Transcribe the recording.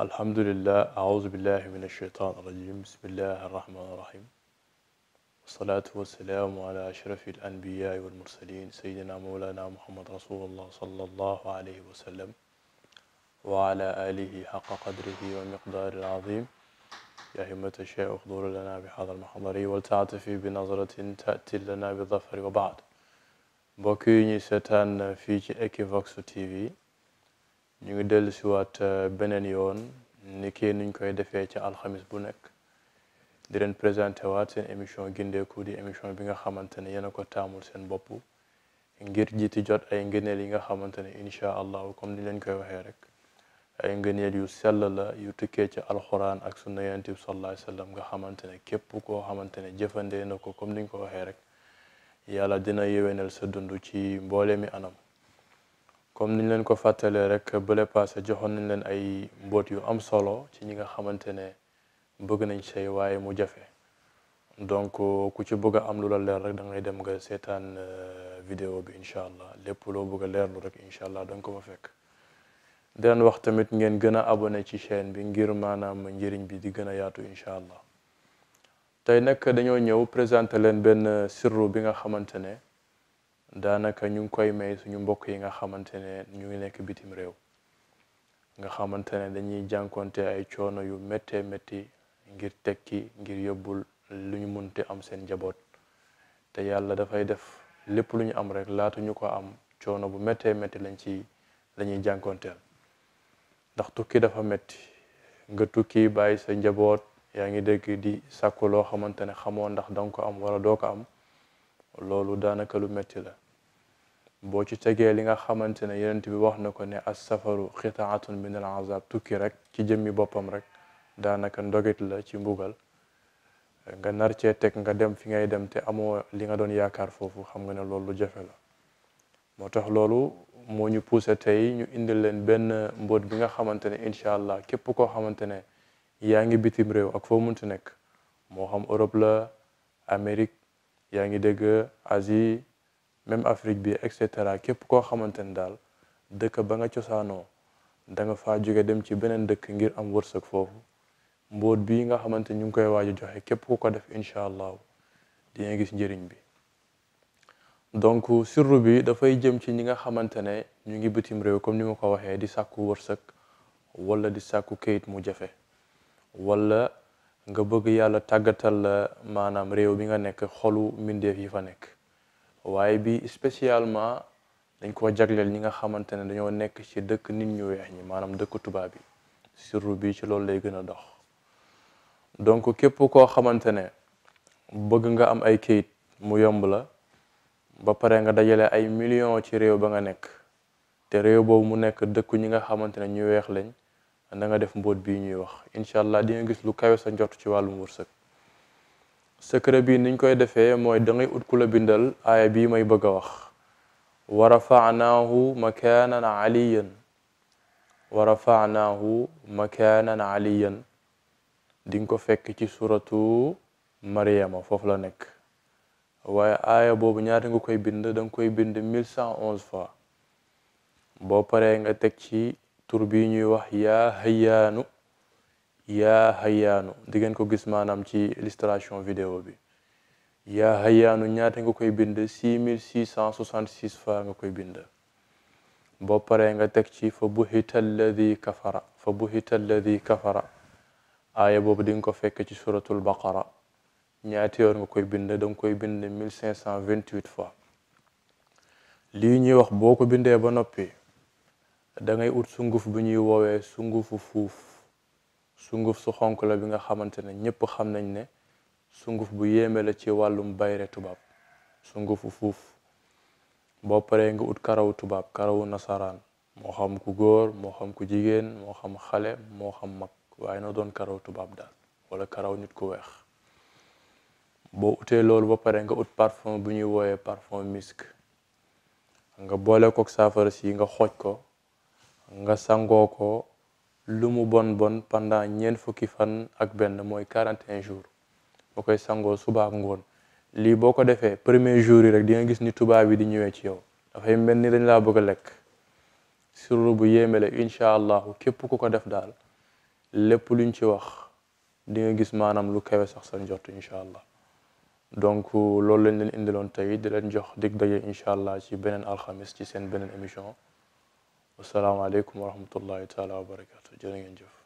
Alhamdulillah, auzu billahi mineşşeytanirracim, bismillahirrahmanirrahim. Salatu ve selamu ala aşrafil enbiya vel murselin, seyyidina Mevlana Muhammed Resulullah sallallahu aleyhi ve sellem ve ala alihi hakka kadrihi ve miqdaril azim. يا همة الشيخ احضر لنا بهذا المحضر ولتعتفي بنظرة تأتي لنا بالظفر وبعد mbokk yi ñuy seetaan fii ci Equivox TV ñu ngi dellu siwaat euh, beneen yoon niki kii nuñ koy defee ci alxamis bu nekk di leen présenté waat seen émission ku di émission bi nga xamante ne yéen a ko taamul seen bopp ngir jiiti jot ay ngëneel yi nga xamante ne incha allahu comme ni leen koy waxee rek ay ngëneel yu sell la yu tukkee ci alxuraan ak sunna yonent bi sallallahu alayhi nga xamante ne képp koo xamante ne jëfandee na ko comme niñ ko waxee rek yàlla dina yéwénal sa dund ci mboole mi anam comme niñ leen ko fàttalee rek bële passé joxoon nañ leen ay mboot yu am solo ci ñi nga xamante ne bëgg nañ sëy waaye mu jafe donc ku ci bëgg am lu la leer rek da ngay dem nga seetaan euh, video bi incha allah lépp loo bëgg a lu rek incha allah da nga fekk di wax tamit ngeen gën a abonné ci chaîne bi ngir maanaam njëriñ bi di gën a yaatu incha allah tey nag dañoo ñëw présenté leen benn sirru bi nga xamante ne daanaka ñu ngi koy may suñu mbokk yi nga xamante ne ñu ngi nekk bitim réew nga xamante ne dañuy jànkonte ay coono yu méttee métti ngir tekki ngir yóbbul lu ñu munte am seen njaboot te yàlla dafay def lépp lu ñu am rek laatu ñu ko am coono bu méttee métti lañ ci la ñuy jànkonteel ndax tukki dafa métti nga tukki bàyyi sa njaboot yaa ngi dégg di sàkku loo xamante ne xamoo ndax danga ko am wala doo ko am loolu daanaka lu metti la boo ci tegee li nga xamante ne yenent bi wax na ko ne as safaru xitaatun min al azab tukki rek ci jëmmi boppam rek daanaka ndogit la ci mbugal nga nar cee teg nga dem fi ngay dem te amoo li nga doon yaakaar foofu xam nga ne loolu jafe la moo tax loolu moo ñu poussé tey ñu indil leen benn mboot bi nga xamante ne incha allah képp koo xamante ne yaa ngi bitim réew ak foo munti nekk moo xam Europe la Amérique yaa ngi dégg Asie même Afrique bi et cetera képp koo xamante ne daal dëkk ba nga cosaanoo danga fa jóge dem ci beneen dëkk ngir am wërsëg foofu mbóot bi nga xamante ñu ngi koy waaj a joxe képp ku ko def incha allahu dinga gis njëriñ bi donc sirru bi dafay jëm ci ñi nga xamante ne ñu ngi bitim réew comme ni ma ko waxee di sàkku wërsëg wala di sàkku kayit mu jafe wala nga bëgg yàlla tàggatal la maanaam réew bi nga nekk xolu mbindeef yi fa nekk waaye bi spécialement dañ ko jagleel ñi nga xamante ne dañoo nekk ci dëkk nit ñu weex ñi maanaam dëkk tubaab bi surtout bi ci loolu lay gën a dox donc képp koo xamante ne bëgg nga am ay kayit mu yomb la ba pare nga dajale ay millions ci réew ba nga nekk te réew boobu mu nekk dëkku ñi nga xamante ne ñu weex lañ na nga def mboot bi ñuy wax incha allah dina gis lu kawe sa njort ci wàllum wërsëg secret bi niñ koy defee mooy da ngay ut bindal aaya bii may bëgg a wax wa rafanaahu makaanan aliyan wa rafanaahu makaanan aliyan di nga ko fekk ci suratu mariama foofu la nekk waaye aaya boobu ñaata nga koy bind da nga koy bind mille cent onze fois boo paree nga teg ci tur bi ñuy wax yaa hayaanu yaa hayaanu di ngeen ko gis maanaam ci illustration vidéo bi ya hayaanu ñaata nga koy bind six mille six cent soixante six fois nga koy bind boo paree nga teg ci fa buhita alladi kafara fa buhita alladi kafara aaya boobu di nga ko fekke ci suratul baqara ñaata yoon nga koy bind da nga koy bind mille cinq cent vingt huit fois li ñuy wax boo ko bindee ba noppi dangay ut sunguf bu ñuy woowee sungufu fuuf sunguf su xonk la bi nga xamante ne ñëpp xam nañ ne sunguf bu yéeme la ci wàllum bayre tubaab sungufu fuuf boo paree nga ut karawu tubaab karawu nasaraan moo xam ku góor moo xam ku jigéen moo xam xale moo xam mag waaye na doon karaw tubaab daal wala karaw ñut ku weex boo utee loolu ba pare nga ut parfum bu ñuy wooyee parfum misk nga boole kook saafara si nga xooj ko nga sangoo ko lu mu bon bon pendant ñeen fukki fan ak benn mooy quarante et jours boo koy sangoo suba ngoon lii boo ko defee premier jour yi rek di nga gis ni tubaab yi di ñëwee ci yow dafay mel ni dañ laa bëgg a lekk surlu bu yéeme la incha allahu képp ku ko def daal lépp luñ ci wax dinga gis maanaam lu kawe sax sa njort incha allah donc loolu lañ leen indiloon tey di leen jox dig daje incha allah ci beneen alxamis ci seen beneen émission wassalaamu aleykum wa rahmatullahi taala wa barakatu jërë ngeen jëf